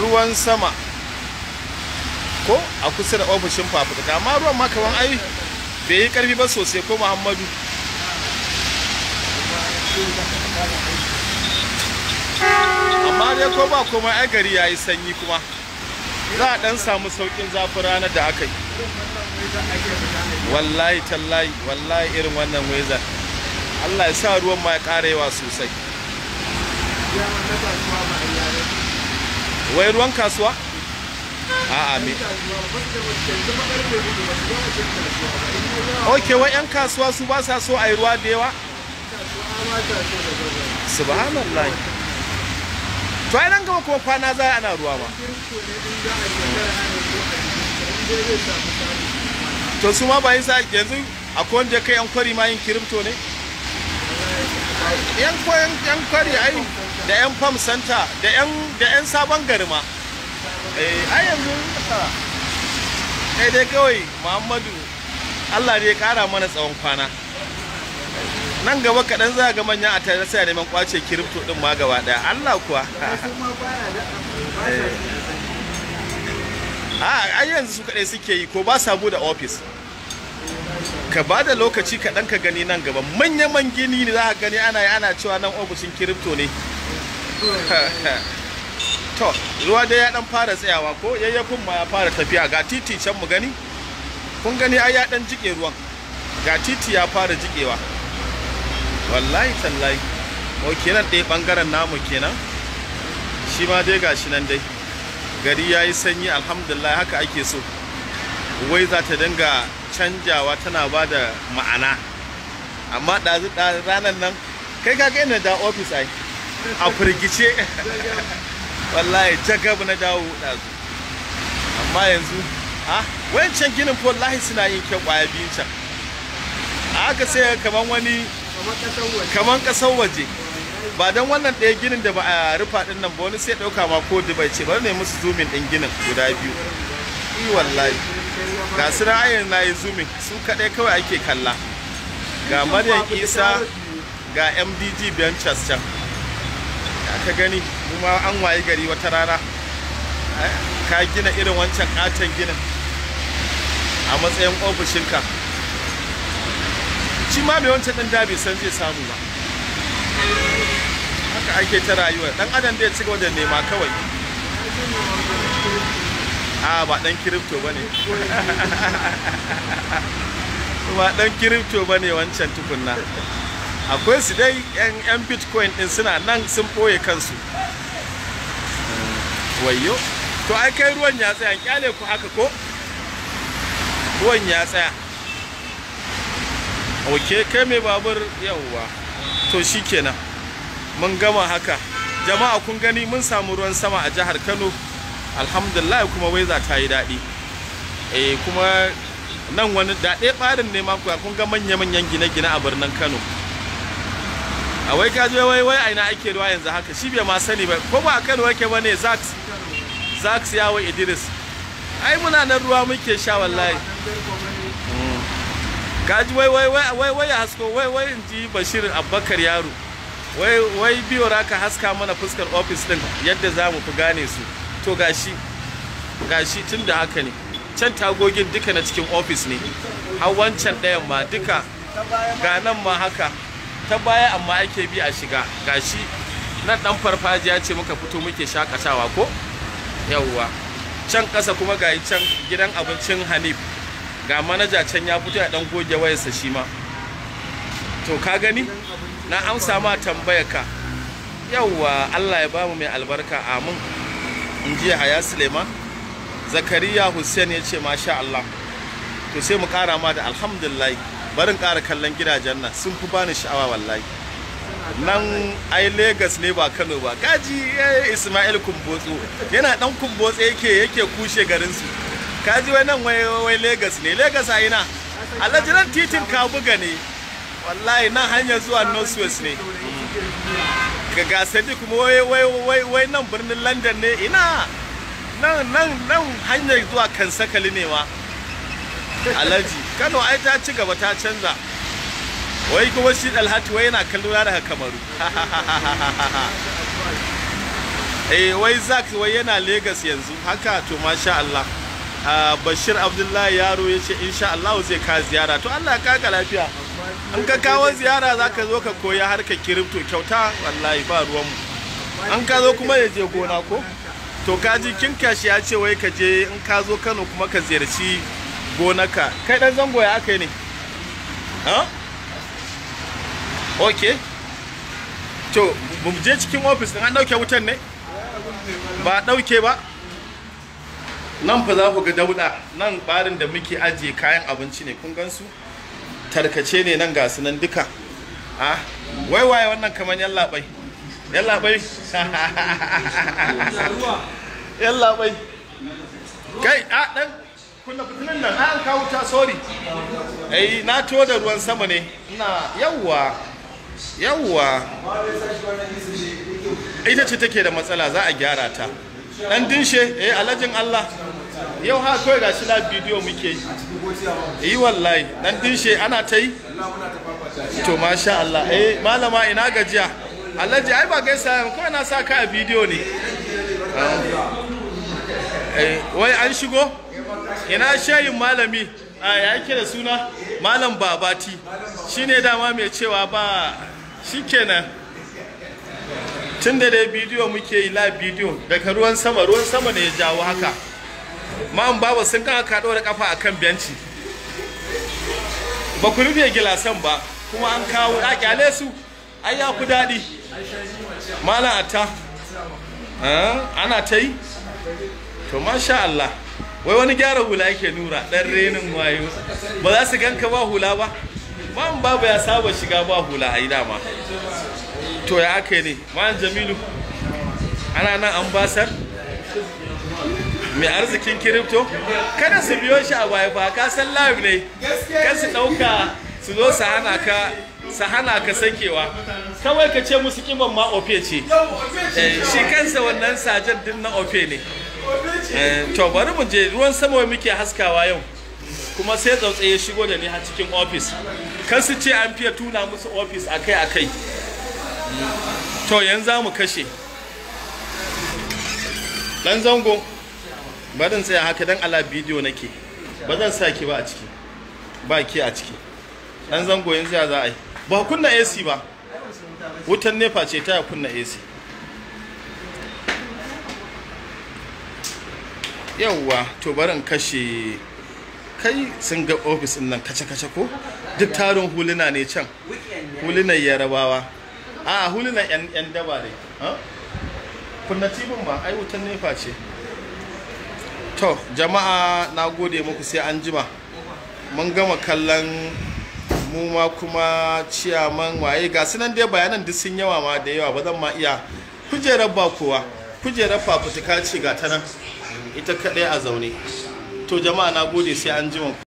ruwan sama ko a kusa da ofishin fafutuka amma ruwan ma kaman ai bai yi karfi ba sosai ko muhammadu amma dai ko ba kuma ai gari ya yi sanyi kuma za a dan samu saukin zafin ranar da aka yi wallahi tallahi wallahi irin wannan wezar allah ya sa ruwan ma ya ƙara yawa sosai wai ruwan kasuwa a'a me ok wai yan kasuwa su ba sa so a yi ruwa da yawa subhanallah to ai nan gaba kuma kwana za ana ruwa ba? to su ma bayan sa yanzu akwai wanda kai yan kwari ma yin kirimto ne yan kwari ai da 'yan farm center da 'yan sabon garma eh, a yanzu kai dai kawai muhammadu allah ne ya kara mana tsawon kwana nan gaba kaɗan za ga manyan a tare sai neman kwace kirifto ɗin ma gaba ɗaya allah kuwa a ah, yanzu su kaɗai suke yi ko ba sa bude ofis ka ba da lokaci kaɗan ka gani nan gaba manya-man gini ne za ka gani ana yi ana cewa nan ofishin kirifto ne to ruwa dai ya dan fara tsayawa ko yayyakun ma ya fara tafiya ga titi can mu gani kun gani ai ya dan jike ruwan ga titi ya fara jikewa wallahi tallahi o kenan dai bangaren namu kenan shi ma dai gashi nan dai gari ya yi sanyi alhamdulillah haka ake so wai za ta dinga canjawa tana ba da ma'ana amma ɗazu ranar nan kai kaga ina da ofis ai a firgice wallahi jagab na dawo ɗazu amma yanzu a wancan ginin wallahi suna yin kyau ƙwaya biyun can a sai kaman wani kaman ƙasar waje ba don wannan ɗaya ginin da ba a rufa ɗin nan ba wani sai ɗauka ma ko dubai ce bari ne musu zumin ɗin ginin guda biyu yi wallahi ga su ra'ayin na yi zumin su kaɗai kawai ake kalla ga maryam isa ga mdg ventures can ka gani kuma an waye gari wata rana eh, ka gina irin wancan katon ginin a matsayin ofishinka shi ma mai wancan ɗan dabi san zai samu ba haka ake ta rayuwa ɗan adam zai ci gaba da nema kawai a ba ɗan kiripto ba ne ba ɗan kiripto ba ne wancan tukunna akwai su dai yan bitcoin din suna nan sun ɓoye kansu wayo to ai kai ruwan ya tsaya kyale ku haka ko ruwan ya tsaya ok kai mai babur yawwa to shikenan mun gama haka jama'a kun gani mun samu ruwan sama a jihar kano alhamdulillah kuma waiza ta yi daɗi eh kuma nan wani daɗe ɓarin ne ma kun ga manya-manyan gine-gine a birnin kano a wai ka je wai wai aina ake ruwa yanzu haka shi bai ma sani ba ko ba a Kano yake bane Zax Zax wai Idris ai muna nan ruwa muke sha wallahi hmm. ka ji wai wai wai wai ya hasko wai wai in ji Bashir Abubakar yaro wai wai biyo raka haska mana fuskar office din yadda za mu fi gane su to gashi gashi tun da haka ne can tagogin duka na cikin ofis ne har wancan ɗayan ma duka ga nan ma haka ta baya amma ake bi a shiga gashi nan dan farfajiya ce muka fito muke shakatawa ko yawwa can ƙasa kuma ga can gidan abincin hanif ga manaja can ya fito ya dan goge wayarsa shi ma to ka gani na amsa ma tambayar ka yawwa allah ya bamu mai albarka amin in ji haya suleiman zakariya hussein ya ce masha allah to sai mu kara ma da alhamdulillah barin ƙara kallon gidajen nan sun fi bani sha'awa wallahi nan ai Legas ne ba Kano ba gaji eh, Ismail Kumbotso yana dan kumbotso yake yake kushe garin su kaji wai nan wai wai Legas ne Legas a ina alajiran titin Kabuga ne wallahi nan hanyar zuwa Northwest ne ga gasadi kuma wai wai wai wai nan birnin London ne ina nan nan nan hanyar zuwa Kansakali ne ma alaji kano ai ta ci gaba ta canza wai kuma shi dalhati wai yana kallona daga kamaru eh wai zak wai yana Legas yanzu haka to masha Allah ah, Bashir Abdullahi Yaro ya ce insha Allah zai ka ziyara to Allah ka ga lafiya an ka kawo ziyara za ka zo ka koya harkar kiripto kyauta wallahi ba ruwan an ka zo kuma ya je gona ko to kaji kin kashi ya ce wai ka je in ka zo Kano kuma ka ziyarci gonaka kai dan zango ya aka yi ne ha ok to mu je cikin ofis din an dauke wutan ne ba dauke ba nan fa za ku ga dauda nan barin da muke ajiye kayan abinci ne kun gansu tarkace ne nan gasu nan duka ha wai waye wannan kaman yallaɓai yallaɓai yallaɓai kai a dan kunna nan an kawo sorry na tuwo da ruwan sama ne na yawwa yawwa ita ce take da matsala za a gyara ta dan dinshe eh alajin Allah yau ha kawai ga shi na bidiyo muke yi yi wallahi dan dinshe ana ta yi to masha Allah eh malama ina gajiya alaji ai ba gaisa kawai na sa ka a bidiyo ne eh, wai an shigo ina shayin malami a ya da suna malam babati shine dama mai cewa ba kenan tun da dai bidiyo muke yi la bidiyo daga ruwan sama ruwan sama ne ya jawo haka ma'am baba sun kan aka da kafa kan benci ba ku rufe gilasan ba kuma an kawo a kyale su ai ya ku daɗi malam atta eh, ana ta yi to masha Allah wai wani gyara hula yake nura Ɗan renin wayo ba za su ganka ba hula ba man babu ya saba shiga ba hula a dama to ya aka ne man jamilu ana nan ambasar mai arzikin kiripto kada su biyo shi a baya ba ka san live ne kan su dauka su zo su hana ka su hana ka sakewa kawai ka ce musu kiban ma ofe ce eh, shi kansa wannan sajan din na ofe ne Eh, to bari mu je ruwan sama wai muke haskawa yau kuma sai tsautsaye ya shigo da ni a cikin ofis kan su ce an fiye tuna musu ofis akai akai to yanzu za mu kashe dan zango barin tsaya haka dan ala bidiyo nake ba zan sa ki ba a ciki ba ki a ciki dan zango yanzu ya za a yi ba kunna AC ba wutan nefa ce ta kunna AC yawwa to barin kashe kai sun ga ofis nan kace-kace ko duk tarin huluna ne can hulunan yarabawa a hulunan yan daba dai kunna tibin ba ai wutan nefa ce to jama'a na gode muku sai an jima mun gama kallon mu ma kuma ciyaman waye ga sunan dai bayanan duk sun yawa ma da yawa ba zan ma iya kujerar ba kowa kujerar fafutuka ce ga ta nan ita kaɗai a zaune to jama'a na gode sai an jima